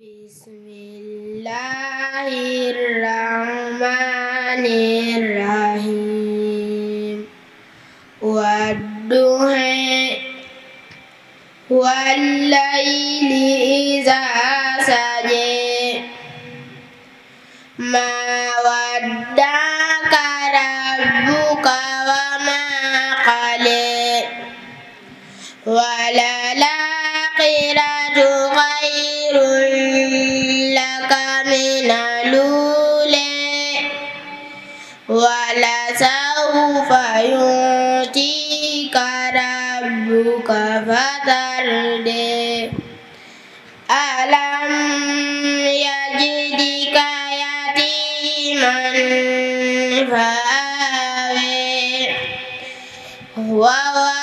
بسم الله الرحمن الرحيم والدهاء والليل إذا سجى ما ودعك ربك وما قلى لا مطر دے ألم يجدك يتيما فآوي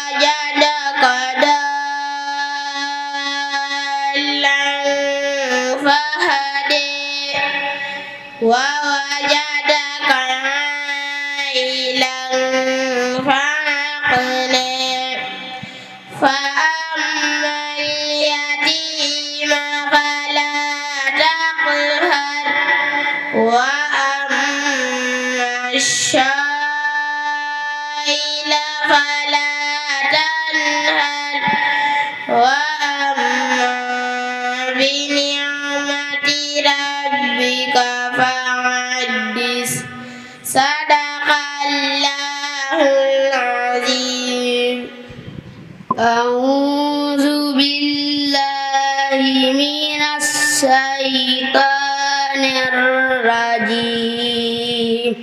الشيطان الرجيم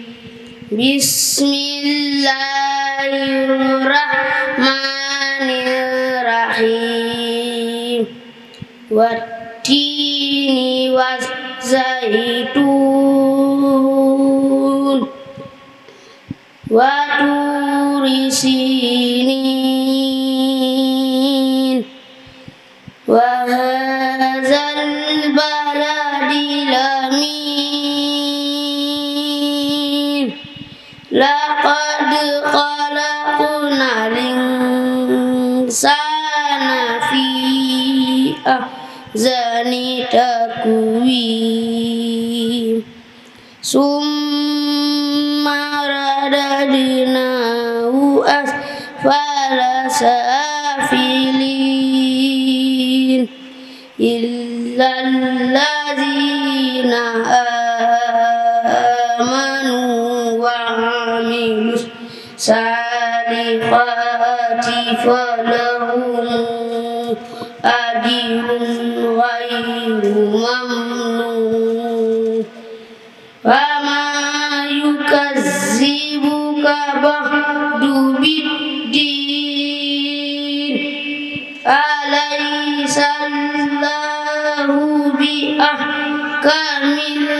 بسم الله الرحمن الرحيم والتين والزيتون وطور سينين وهذا البلد dilamin Laqad qalaqunal insana fi ahzani takwim Summa radadnahu asfala safilin إلا الذين آمنوا وعملوا الصالحات فلهم أجر غير ممنون فما يكذبك بعد بالدين أليس I mean.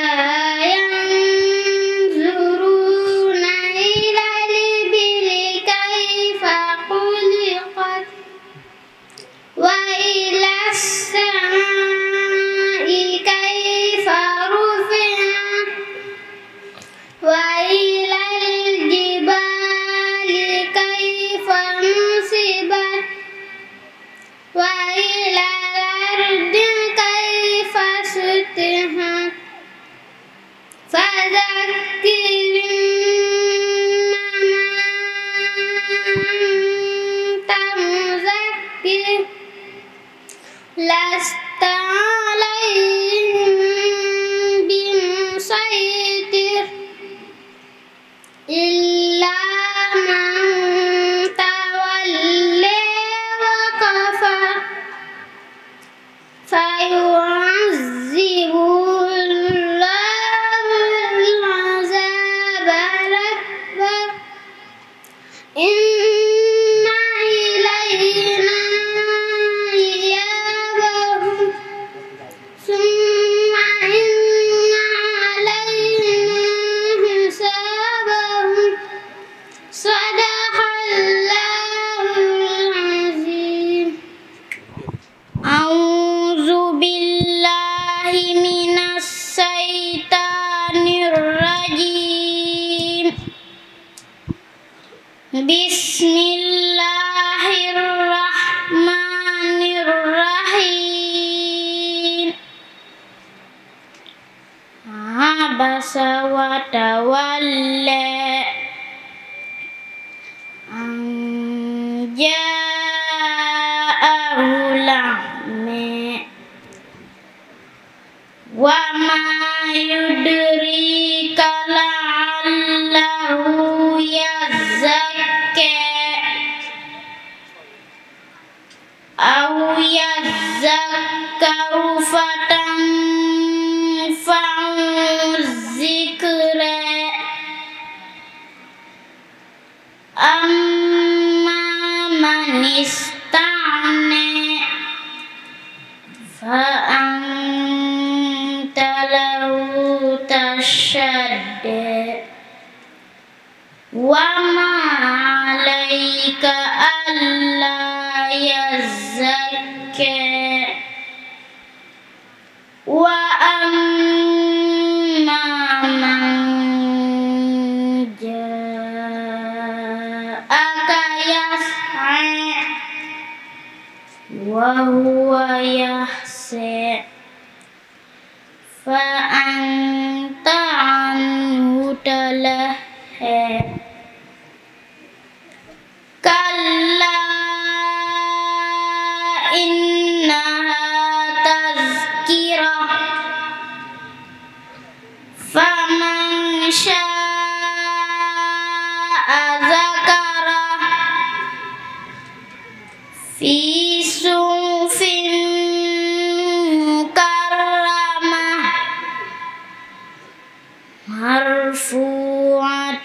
Bye. عسى وتولى وزكى وأما من جاءك يسعى وهو يحسى فأ مرفوعة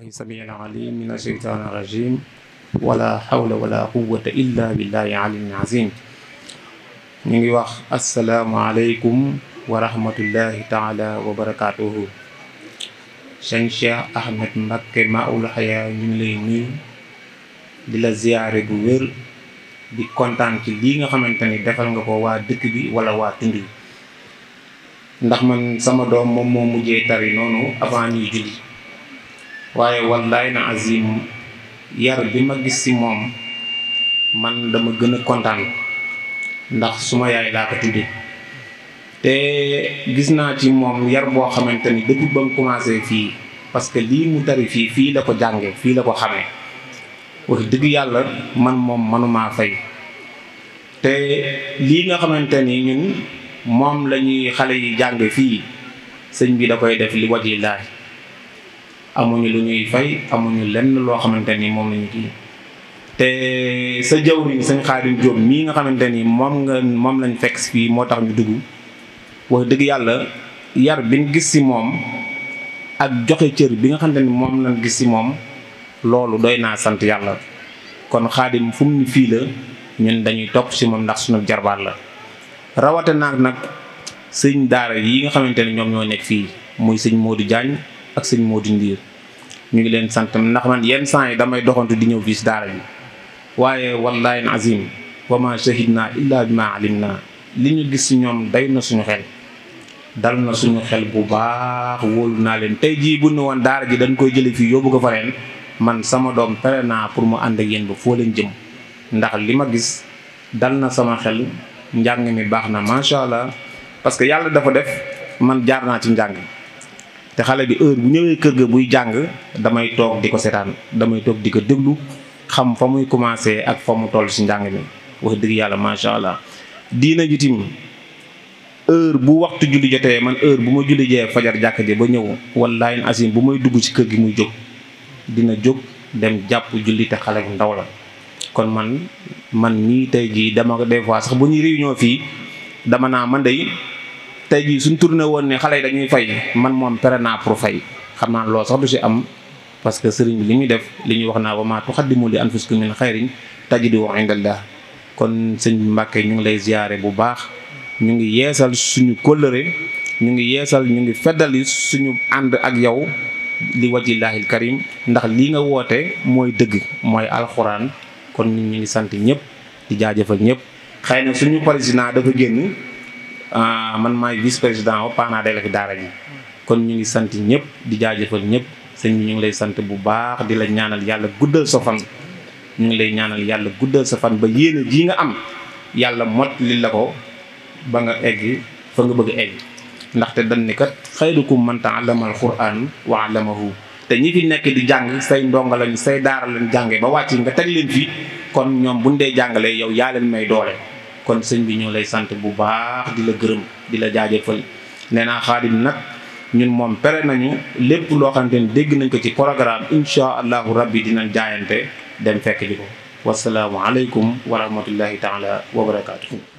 billahi samii alalim min ngi wax asalaamualeykum wa rahmatullahi taala wa barakatuhu sëñ Cheikh Ahmed Mbacké Maoul Hayaat ñu ngi di la ziyaare bu wér di kontaan ci lii nga xamante ni defal nga ko waa dëkk bi wala waa tund ndax man sama doom moom moo mujjee tari noonu avant ñuy julli waaye wallaay na azim yar bi ma gis ci moom man dama gën a kontaan ndax suma yaay laa ko tudde te gis naa ci moom yar boo xamante ni depuis ba commencé fii parce que lii mu tari fii fii la ko jànge fii la ko xamee wax dëgg yàlla man moom manumaa fay te lii nga xamante ni ñun moom la ñuy xale yi jàng fii sëñ bi da koy def li wajillaahi amuñu lu ñuy fay amuñu lenn loo xamante ni moom la ñu kii te sa jawriñ sëñ Xaadim Jóob mii nga xamante ni moom nga moom lañ fekk fii moo tax ñu dugg wax dëgg yàlla yar biñ gis si moom ak joxe cër bi nga xamante ni moom lañ gis si moom loolu doy naa sant yàlla kon Xaadim fu ni fii la ñun dañuy topp si moom ndax suñu jarbaat la rawate naag nag sëñ daara yi nga xamante ni ñoom ñoo nekk fii muy sëñ Modou Diagne ak moo Modou Ndiir ñu ngi leen sant ndax man yenn saa yi damay doxantu di ñëw fii si daara bi waaye wallaahi azim wa ma shahidna illa bi ma alim na li ñu gis si ñoom day na suñu xel dal na suñu xel bu baax wóolu naa leen tey jii bu ne woon daara ji dañ koy jële fii yóbbu ko fa leen man sama doom pere naa pour mu ànd ak yéen ba foo leen jëm ndax li ma gis dal na sama xel njàng mi baax na macha allah parce que yàlla dafa def man jaar naa ci njàng te xale bi heure bu ñëwee kër ga buy jàng damay toog di ko seetaan damay toog di ko déglu xam fa muy commencé ak fa mu toll si njàng mi wax dëgg yàlla macha allah. diina ji tim heure bu waxtu julli jotee man heure bu ma julli jee fajar jàkk ji ba ñëw wallaahi asim bu may dugg ci kër gi muy jóg dina jóg dem jàpp julli te xale bu ndaw la kon man man nii tey jii dama des fois sax bu ñuy réunion fii dama naa man day tey jii suñ tourné woon ne xale yi dañuy fay man moom pere naa pour fay xam naa loo sax du si am parce que sëriñ bi li muy def li ñuy wax naa wa maa tuqaddimu li anfusikum min di tajiduhu indallah kon sëñ Mbàkke ñu ngi lay ziyaare bu baax ñu ngi yeesal suñu kóllëre ñu ngi yeesal ñu ngi feddali suñu ànd ak yow li wajillahil karim ndax lii nga woote mooy dëgg mooy alxuraan kon ñu ngi sant ñëpp di jaajëfal ñëpp xëy na suñu président dafa génn Ah, man maay vice président wa la fi daara ji kon ñu ngi sant ñëpp di jaajëfal ñëpp sëñ bi ñu ngi lay sant bu baax di la ñaanal yàlla guddal sa fan ñu ngi lay ñaanal yàlla guddal sa ba yéene ji nga am yàlla mot li la ko ba nga egg fa nga bëgg a egg ndaxte dañ ni kat xayrukum man ta'allama al-Qur'an wa 'allamahu te ñi fi nekk di jàng say ndongo lañ say daara lañ jàngee ba wàcc nga teg leen fii kon ñoom buñ dee jàngalee yow yaa leen may doole kon sëñ bi ñu lay sant bu baax di la gërëm di la jaajëfal nee naa xaadim nag ñun moom pere nañu lépp loo xamante ni dégg nañ ko ci programme insha allahu rabbi dina jaayante dem fekk ji ko wasalaamu aleykum wa rahmatullahi taala wa barakaatu.